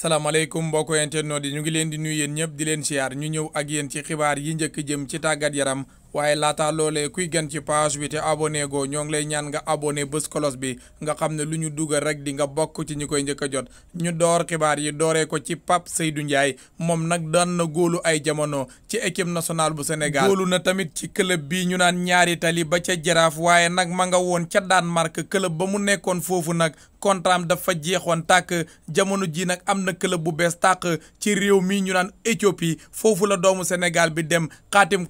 salaamaaleykum mbokk internautes yi ñu ngi leen di nuyu yéen di leen siyaar ñu ñëw ak yéen ci xibaar yi njëkk jëm ci tàggat yaram waaye laata loolee kuy gën ci page bi te abonné goo ñoo ngi lay ñaan nga abonné bés kolos bi nga xam ne lu ñu dugal rek di nga bokk ci ñu koy njëkk a jot ñu door xibaar yi dooree ko ci Pape Seydou Ndiaye moom nag daan na góolu ay jamono ci équipe national bu Sénégal góolu na tamit ci club bi ñu naan ñaari tali ba ca Jaraaf waaye nag ma nga woon ca Danemark club ba mu nekkoon foofu nag kontraam dafa jeexoon tàkk jamono ji nag am na club bu bees tàkk ci réew mi ñu naan Éthiopie foofu la doomu Sénégal bi dem xaatim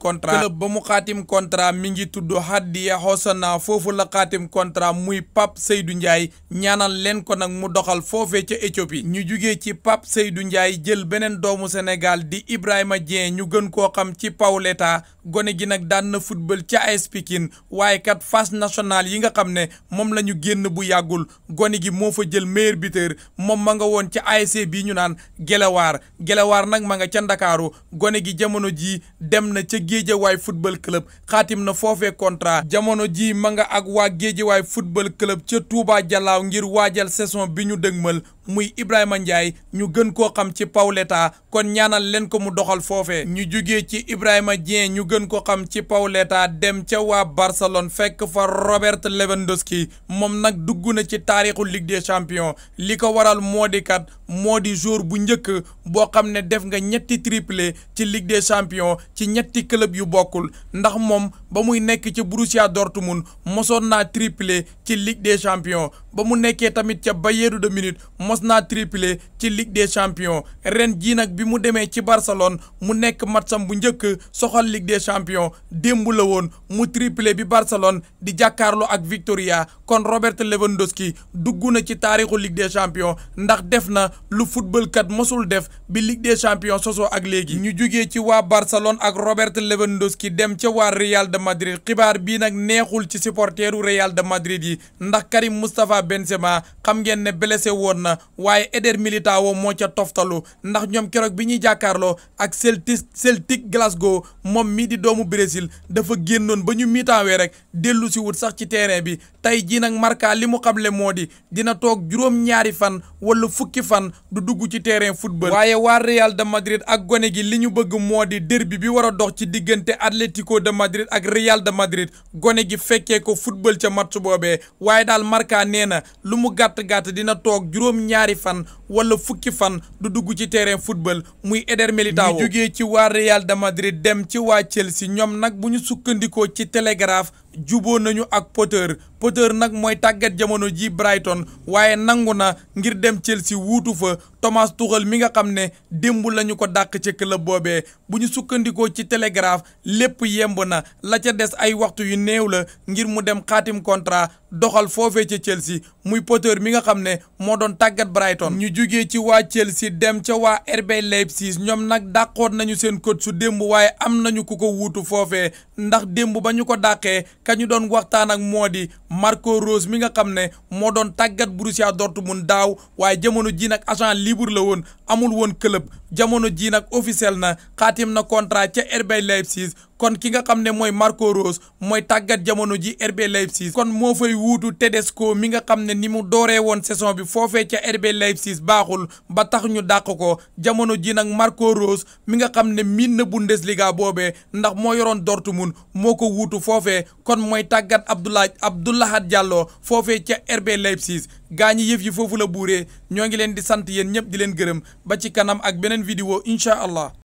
xaatim contrat mi ngi tudd Hadiya Hosana foofu la xaatim contrat muy Pape Seydou Ndiaye ñaanal leen ko nag mu doxal foofee ca Éthiopie ñu jugee ci Pape Seydou Ndiaye jël beneen doomu Sénégal di Ibrahima Dieng ñu gën koo xam ci Paoletta gone gi nag daan na football ca AS Pikine waaye kat phase nationale yi nga xam ne moom la ñu génn bu yàggul gone gi moo fa jël meilleur buteur moom ma nga woon ca ASC bi ñu naan Gelewaar Gelewaar nag ma nga ca Ndakaaru gone gi jamono jii dem na ca Géejawaay football club xaatim na foofe contrat jamono jii ma nga ak waa Géejawaay football club ca Touba jallaaw ngir waajal saison bi ñu dëgmal muy Ibrahima Ndiaye ñu gën koo xam ci Paoletta kon ñaanal leen ko mu doxal foofee ñu jugee ci Ibrahima jien ñu gën ko xam ci Paoletta dem ca waa Barcelone fekk fa Robert Lewandowski moom nag dugg na ci taarixu Ligue des Champions li ko waral moo di kat moo di jour bu njëkk boo xam ne def nga ñetti triplé ci Ligue des Champions ci ñetti club yu bokkul ndax moom ba muy nekk ci Borussia Dortmund mosoon naa triplé ci Ligue des Champions ba mu nekkee tamit ca Bayern de Munich mos naa triplé ci Ligue des champions ren jii nag bi mu demee ci Barcelone mu nekk matcham bu njëkk soxal Ligue des champions démb la woon mu triplé bi Barcelone di jàkkaarloo ak Victoria kon Robert Lewandowski dugg na ci taarixu Ligue des champions ndax def na lu football mosul def bi Ligue des champions sosoo ak léegi. ñu jugee ci waa Barcelone ak Robert Lewandowski dem ca waa Real de Madrid xibaar bii nag neexul ci supporteru Real de Madrid yi Benzema xam ngeen ne blessé woon na waaye Eder Militao moo ca toftalu ndax ñoom keroog bi ñuy jàkkaarloo ak Celtic Celtic Glasgow moom mi di doomu Brésil dafa génnoon ba ñu miitaawee rek dellu si wut sax ci terrain bi tey jii nag Marca li mu xamle moo di dina toog juróom-ñaari fan wala fukki fan du dugg ci terrain football. waaye waa Real de Madrid ak gone gi li ñu bëgg moo di derbi bi war a dox ci diggante Atlético de Madrid ak Real de Madrid gone gi fekkee ko football ca match boobee na lu mu gàtt-gàtt dina toog juróom-ñaari fan wala fukki fan du dugg ci terrain football muy Eder Militao mu jógee ci waa Real de Madrid dem ci waa Chelsea ñoom nag bu ñu sukkandikoo ci Telegraph juboo nañu ak Potter Potter nag mooy tàggat jamono ji Brighton waaye nangu na ngir dem Chelsea wuutu fa Thomas Tuchel mi nga xam ne démb lañu ko dàq ci club boobee bu ñu sukkandikoo ci Telegraph lépp yemb na la ca des ay waxtu yu néew la ngir mu dem xaatim contrat doxal foofee ca Chelsea muy Potter mi nga xam ne moo doon tàggat Brighton ñu jugee ci waa Chelsea dem ca waa RB Leipzig ñoom nag dàqoon nañu seen coach su démb waaye am nañu ku ko wuutu foofee ndax démb ba ñu ko dàqee ka ñu doon waxtaan ak moo di Marco Rose mi nga xam ne moo doon tàggat Borussia Dortmund daaw waaye jamono ji nag agent libre la woon amul woon club jamono ji nag officiel na xaatim na contrat ca RB Leipzig kon ki nga xam ne mooy Marco Rose mooy tàggat jamono ji RB Leipzig kon moo fay wuutu Tedesco mi nga xam ne ni mu dooree woon saison bi foofee ca RB Leipzig baaxul ba tax ñu dàq ko jamono ji nag Marco Rose mi nga xam ne miin na Bundesliga boobee ndax moo yoroon Dortmund moo ko wuutu foofee kon mooy tàggat Abdoulaye Abdoulahat Diallo foofee ca RB Leipzig gaa ñi yëf yi foofu la buuree ñoo ngi leen di sant yéen ñëpp di leen gërëm ba ci kanam ak beneen vidéo incha allah